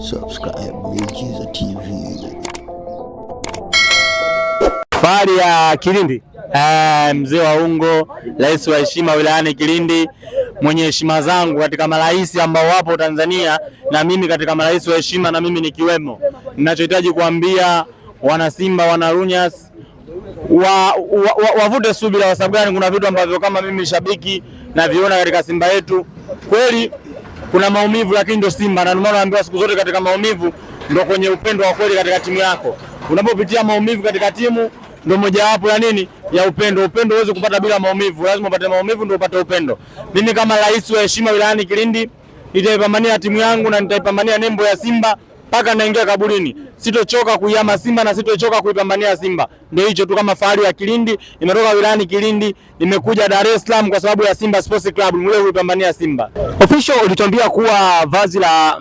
subscribe Miujiza TV. Fahari ya Kilindi, eh, mzee wa ungo, rais wa heshima wilayani Kilindi, mwenye heshima zangu katika marais ambao wapo Tanzania na mimi katika marais wa heshima na mimi nikiwemo. Ninachohitaji kuambia wanasimba wanarunyas wana wavute wa, wa, wa subira, kwa sababu gani? Kuna vitu ambavyo kama mimi shabiki naviona katika Simba yetu kweli kuna maumivu, lakini ndio Simba, na ndio maana naambiwa siku zote katika maumivu ndio kwenye upendo wa kweli katika timu yako. Unapopitia maumivu katika timu ndio mojawapo ya nini ya upendo. Upendo huwezi kupata bila maumivu, lazima upate maumivu ndio upate upendo. Mimi kama rais wa heshima wilayani Kilindi nitaipambania timu yangu na nitaipambania nembo ya Simba mpaka naingia kaburini. Sitochoka kuiama Simba na sitochoka kuipambania Simba. Ndio hicho tu, kama fahari ya Kilindi. Nimetoka wilayani Kilindi, nimekuja Dar es Salaam kwa sababu ya Simba Sports Club, mule kuipambania Simba. Official, ulituambia kuwa vazi la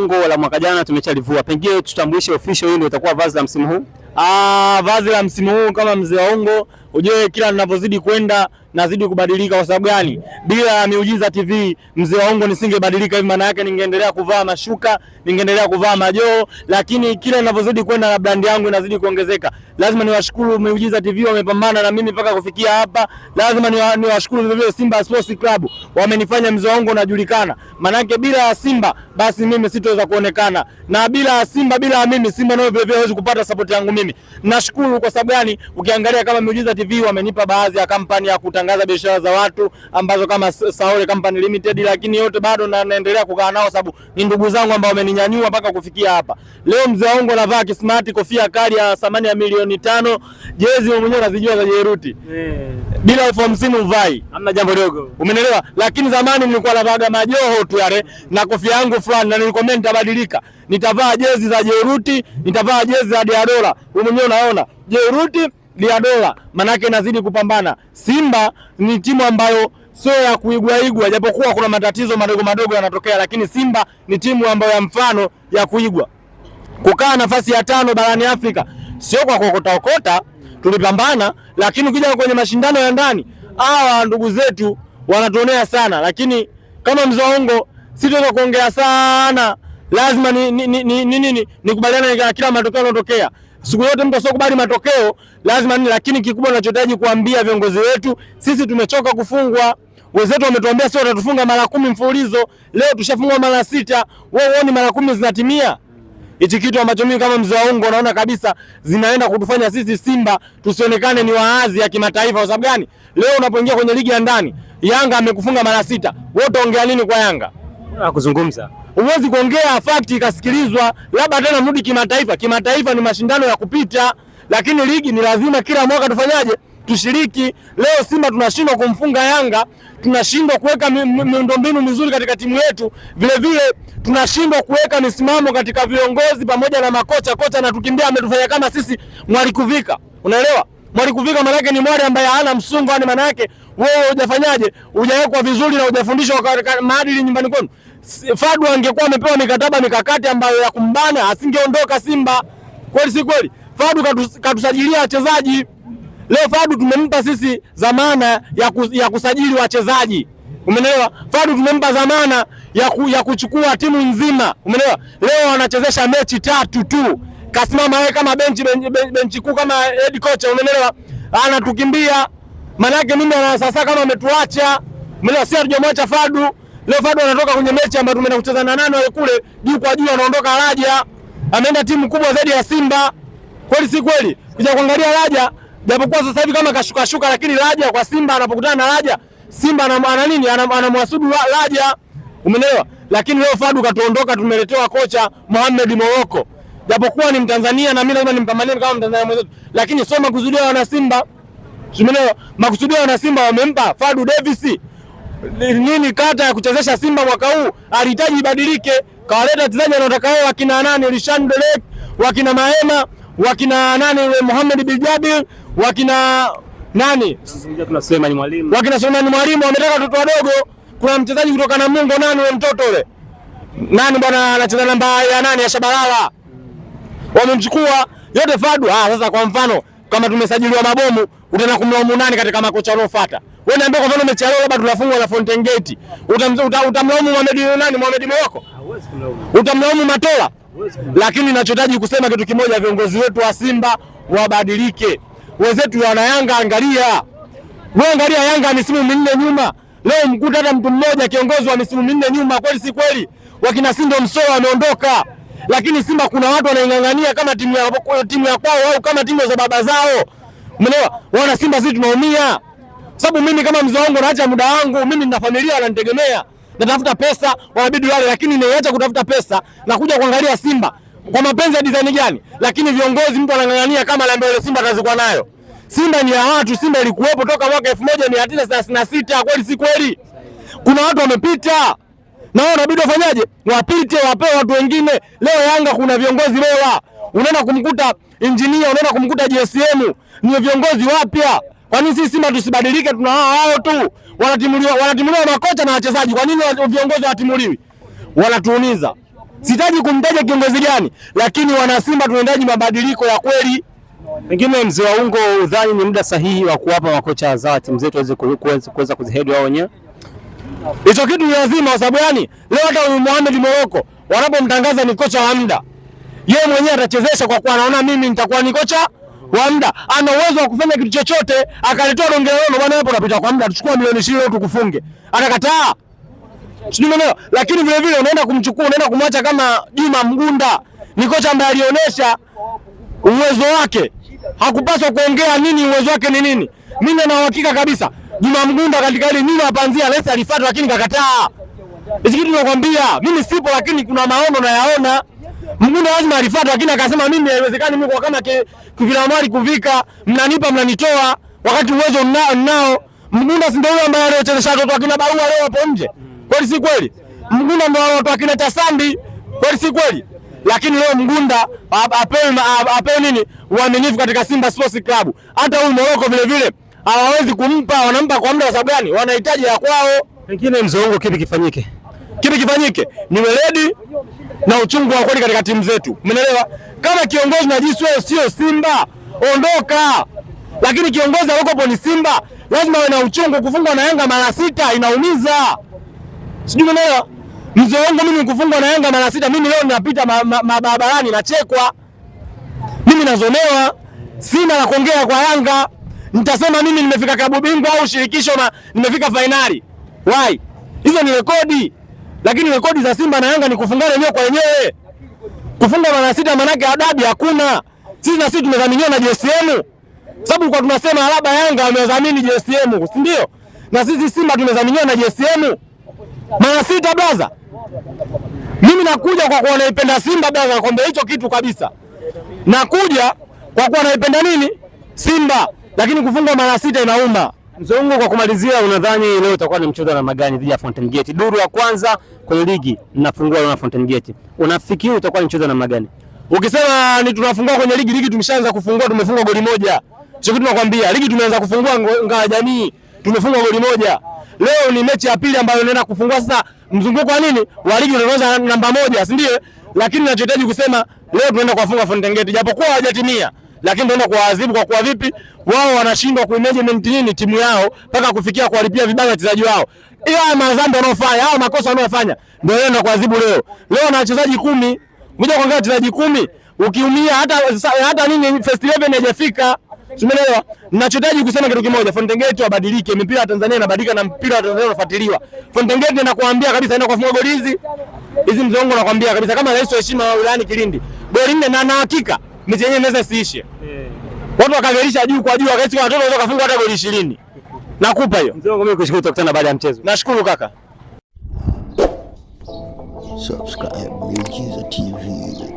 ungo la mwaka jana tumechalivua, pengine tutambulishe official, hii ndio itakuwa vazi la msimu huu. Ah, vazi la msimu huu kama ungo ujue kila ninavyozidi kwenda nazidi kubadilika. Kwa sababu gani? Bila ya Miujiza TV mzee wa ungo nisingebadilika hivi, maana yake ningeendelea kuvaa mashuka, ningeendelea kuvaa majoo, lakini kila ninavyozidi kwenda na brand yangu inazidi kuongezeka. Lazima niwashukuru Miujiza TV, wamepambana na mimi mpaka kufikia hapa. Lazima niwashukuru vile vile Simba Sports Club, wamenifanya mzee wa ungo unajulikana, maana yake bila ya Simba basi mimi sitoweza kuonekana, na bila ya Simba, bila ya mimi Simba nao vile vile hawezi kupata support yangu mimi. Nashukuru kwa sababu gani? Ukiangalia kama Miujiza TV wamenipa baadhi ya kampani ya kutangaza kutangaza biashara za watu ambazo kama Saole Company Limited, lakini yote bado na naendelea kukaa nao sababu ni ndugu zangu ambao wameninyanyua mpaka kufikia hapa leo. Mzee wangu anavaa kismart, kofia kali ya thamani ya milioni tano, jezi wewe mwenyewe unazijua za Jeruti yeah. bila elfu hamsini uvai, hamna jambo dogo, umenielewa? Lakini zamani nilikuwa navaga majoho tu yale na kofia yangu fulani, na nilikomenda nitabadilika, nitavaa jezi za Jeruti, nitavaa jezi za Diadora. Wewe mwenyewe unaona Jeruti ya dola, manake inazidi kupambana. Simba ni timu ambayo sio ya kuigwaigwa, japokuwa kuna matatizo madogo madogo yanatokea, lakini Simba ni timu ambayo ya mfano ya kuigwa. Kukaa nafasi ya tano barani Afrika sio kwa kokotaokota, tulipambana, lakini ukija kwenye mashindano ya ndani, hawa ndugu zetu wanatuonea sana, lakini kama mzaongo sitoweza kuongea sana, lazima ni, ni, ni, ni, ni, ni, ni, ni nikubaliane na kila matokeo yanayotokea. Siku yote mtu asiokubali matokeo lazima ni, lakini kikubwa ninachohitaji kuambia viongozi wetu, sisi tumechoka kufungwa. Wenzetu wametuambia sio, watatufunga mara kumi mfululizo, leo tushafungwa mara sita. Wewe uone mara kumi zinatimia? Hichi kitu ambacho mimi kama mzee wa ungo naona kabisa zinaenda kutufanya sisi Simba tusionekane ni waazi ya kimataifa. Kwa sababu gani? Leo unapoingia kwenye ligi ya ndani Yanga amekufunga mara sita, wewe utaongea nini kwa Yanga? Hakuna kuzungumza. Huwezi kuongea fakti ikasikilizwa, labda tena mrudi kimataifa. Kimataifa ni mashindano ya kupita, lakini ligi ni lazima kila mwaka tufanyaje? Tushiriki. Leo Simba tunashindwa kumfunga Yanga, tunashindwa kuweka miundombinu mizuri katika timu yetu, vile vile tunashindwa kuweka misimamo katika viongozi pamoja na makocha. Kocha anatukimbia ametufanya kama sisi mwalikuvika, unaelewa mwalikuvika maana yake ni mwali ambaye hana msungu, yani maana yake wewe hujafanyaje, hujawekwa vizuri na hujafundishwa maadili nyumbani kwenu. Fadu angekuwa amepewa mikataba mikakati ambayo ya kumbana asingeondoka Simba. Kweli si kweli? Fadu katusajilia wachezaji. Leo Fadu tumempa sisi zamana ya, ku, ya kusajili wachezaji. Umeelewa? Fadu tumempa zamana ya, ku, ya kuchukua timu nzima. Umeelewa? Leo wanachezesha mechi tatu tu. Kasimama wewe kama benchi benchi, benchi benchi kuu kama head coach, umeelewa? Anatukimbia. Maana yake mimi na sasa kama ametuacha. Umeelewa? Si hatujamwacha Fadu. Leo Fadu anatoka kwenye mechi ambayo tumeenda kucheza na nani wale kule juu kwa juu, anaondoka Raja, ameenda timu kubwa zaidi ya Simba. Kweli si kweli? Kuja kuangalia Raja, japokuwa sasa hivi kama kashuka shuka, lakini Raja kwa Simba anapokutana na Raja, Simba ana nini? Anamwasudu Raja. Umeelewa? Lakini leo Fadu katuondoka, tumeletewa kocha Mohamed Moroko. Japokuwa ni Mtanzania na mimi lazima nimpambanie kama Mtanzania mwenzetu, lakini sio makusudio ya wana Simba. Umeelewa? Makusudio ya wana Simba wamempa Fadu Davis nini kata ya kuchezesha Simba mwaka huu alihitaji ibadilike, kawaleta wachezaji wanaotaka wao, wakina nani Rishan Delek, wakina Maema, wakina nani Muhammad Bijabi, wakina nani Sulemani Mwalimu, wakina Sulemani Mwalimu. Wametaka watoto wadogo. Kuna mchezaji kutoka na Mungu nani yule mtoto ule nani bwana anacheza namba ya nani ya Shabalala, wamemchukua yote Fadu. Ah, sasa kwa mfano kama tumesajiliwa mabomu, utaenda kumlaumu nani katika makocha wanaofuata? Wewe niambie kwa mfano mechi leo labda tunafungwa na Fountain Gate. Utamlaumu Mohamed nani? Mohamed Moroko? Utamlaumu Matola? Lakini ninachotaji kusema kitu kimoja, viongozi wetu wa Simba wabadilike. Wenzetu wana Yanga, angalia. Wewe angalia Yanga misimu minne nyuma. Leo mkuta hata mtu mmoja kiongozi wa misimu minne nyuma, kweli si kweli? Wakina Sindo Msoa wameondoka. Lakini Simba kuna watu wanaing'ang'ania kama timu ya timu ya kwao au kama timu za baba zao. Umeelewa? Wana Simba sisi tunaumia sababu mimi kama mzee wangu naacha muda wangu, mimi nina familia wananitegemea, natafuta pesa, wanabidi wale, lakini niacha kutafuta pesa na kuja kuangalia Simba kwa mapenzi ya design gani? Lakini viongozi, mtu anang'ang'ania kama lambe ile Simba atazikuwa nayo. Simba ni ya watu, Simba ilikuwepo toka mwaka 1936 kweli si kweli? Kuna watu wamepita na wao inabidi wafanyaje? Wapite wapewe watu wengine. Leo Yanga kuna viongozi leo, unaenda kumkuta injinia, unaenda kumkuta GSM, ni viongozi wapya. Kwa nini sisi Simba tusibadilike? Tuna hao hao tu wanatimuliwa, wanatimuliwa makocha na wachezaji. Kwa nini viongozi hawatimuliwi? Wanatuumiza. Sitaji kumtaja kiongozi gani, lakini wana Simba tunahitaji mabadiliko ya kweli. Pengine mzee wa ungo, udhani ni muda sahihi wa kuwapa makocha wazawa timu zetu waweze kuweza kuzihedi wao wenyewe. Hicho kitu ni lazima, kwa sababu yani leo hata Mohamed Moroko wanapomtangaza ni kocha wa muda, yeye mwenyewe atachezesha kwa kuwa anaona mimi nitakuwa ni kocha kwa muda, ana uwezo wa kufanya kitu chochote, akalitoa donge lolote bwana, hapo unapita kwa muda, tuchukua milioni 20 leo tukufunge, akakataa. Sijui umeelewa? Lakini vile vile unaenda kumchukua, unaenda kumwacha kama Juma Mgunda, ni kocha ambaye alionyesha uwezo wake, hakupaswa kuongea nini, uwezo wake ni nini. Mimi nina uhakika kabisa Juma Mgunda katika ile nyuma panzia lesa alifuata, lakini kakataa. Hizi kitu nakwambia mimi sipo, lakini kuna maono nayaona. Mwingine lazima alifuata, lakini akasema mimi haiwezekani, mimi kwa kama mali kuvika, mnanipa mnanitoa, wakati uwezo mnao mnao. Mgunda si ndio yule ambaye aliochezesha watoto akina Barua leo hapo nje, kweli si kweli? Mgunda ndio watu akina Tasambi, kweli si kweli? Lakini leo Mgunda apewe apewe nini uaminifu katika Simba Sports Club. Hata huyu Moroko vile vile hawawezi kumpa, wanampa kwa muda. Sababu gani? Wanahitaji ya kwao. Pengine mzongo, kipi kifanyike? Kipi kifanyike? Ni weledi na uchungu wa kweli katika timu zetu, umeelewa? Kama kiongozi unajisi wewe sio Simba, ondoka. Lakini kiongozi alikopo ni Simba, lazima awe na uchungu. Kufungwa na Yanga mara sita inaumiza, sijui umeelewa? Mzee wangu mimi kufungwa na Yanga mara sita, mimi leo ninapita mabarabarani ma, ma nachekwa, mimi nazonewa, sina la kuongea kwa Yanga. Nitasema mimi nimefika kabu bingwa au shirikisho na nimefika fainali, why? Hizo ni rekodi lakini rekodi za Simba na Yanga ni kufunga wenyewe kwa wenyewe, kufunga mara sita, manake adabu hakuna. Sisi na sisi tumedhaminiwa na JSM, sababu kwa tunasema alaba Yanga amedhamini JSM, si ndio? Na sisi Simba tumedhaminiwa na JSM mara sita blaza. Mimi nakuja kwa kuwa naipenda Simba blaza, nakwambia hicho kitu kabisa. Nakuja kwa kuwa naipenda nini Simba, lakini kufunga mara sita inauma. Mzungu, kwa kumalizia, unadhani leo itakuwa ni mchezo wa namna gani dhidi ya Fountain Gate? Duru ya kwanza kwenye ligi mnafungua na Fountain Gate, unafikiri utakuwa ni mchezo wa namna gani? Ukisema ni tunafungua kwenye ligi, ligi tumeshaanza kufungua, tumefunga goli moja. Sio tunakwambia ligi tumeanza kufungua ngawa jamii, tumefunga goli moja. Leo ni mechi ya pili ambayo inaenda kufungua sasa mzunguko wa nini wa ligi unaanza namba moja, si ndio? Lakini ninachohitaji kusema leo tunaenda kuwafunga Fountain Gate, japokuwa hawajatimia lakini tunaenda kuwaadhibu kwa kuwa vipi wao wanashindwa kumanagement nini timu yao mpaka kufikia kuwalipia vibaya wachezaji wao. Hiyo haya madhambi wanaofanya, hao makosa wanaofanya ndio yeye ndio kuadhibu leo. Leo na wachezaji kumi. Ngoja kuangalia wachezaji kumi. Ukiumia hata hata nini first 11 haijafika. Tumeelewa. Ninachotaji kusema kitu kimoja, Fontengate wabadilike. Mipira ya Tanzania inabadilika na mpira wa Tanzania unafuatiliwa. Fontengate nakuambia kabisa inaenda kufunga goli hizi. Hizi mzongo nakuambia kabisa kama rais wa heshima wa Wilani Kilindi. Goli nne na na hakika ni chenye meza siishe. Yeah. Watu wakagelisha juu kwa juu, wakati kwa watoto wakafunga hata goli 20. Nakupa hiyo. Mzee wangu mimi kushukuru, tutakutana baada ya mchezo. Nashukuru kaka. Subscribe Miujiza TV.